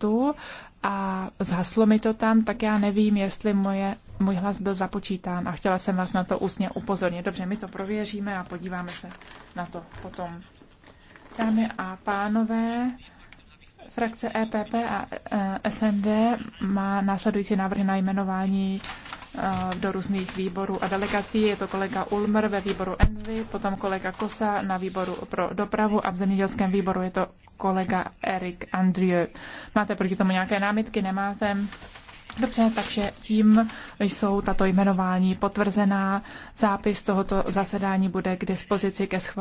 kartu a zhaslo mi to tam, tak já nevím, jestli moje, můj hlas byl započítán a chtěla jsem vás na to ústně upozornit. Dobře, my to prověříme a podíváme se na to potom. Dámy a pánové, frakce EPP a e, SND má následující návrhy na jmenování e, do různých výborů a delegací. Je to kolega Ulmer ve výboru Envy, potom kolega Kosa na výboru pro dopravu a v zemědělském výboru je to kolega Erik Andrieu. Máte proti tomu nějaké námitky? Nemáte? Dobře, takže tím jsou tato jmenování potvrzená. Zápis tohoto zasedání bude k dispozici ke schválení.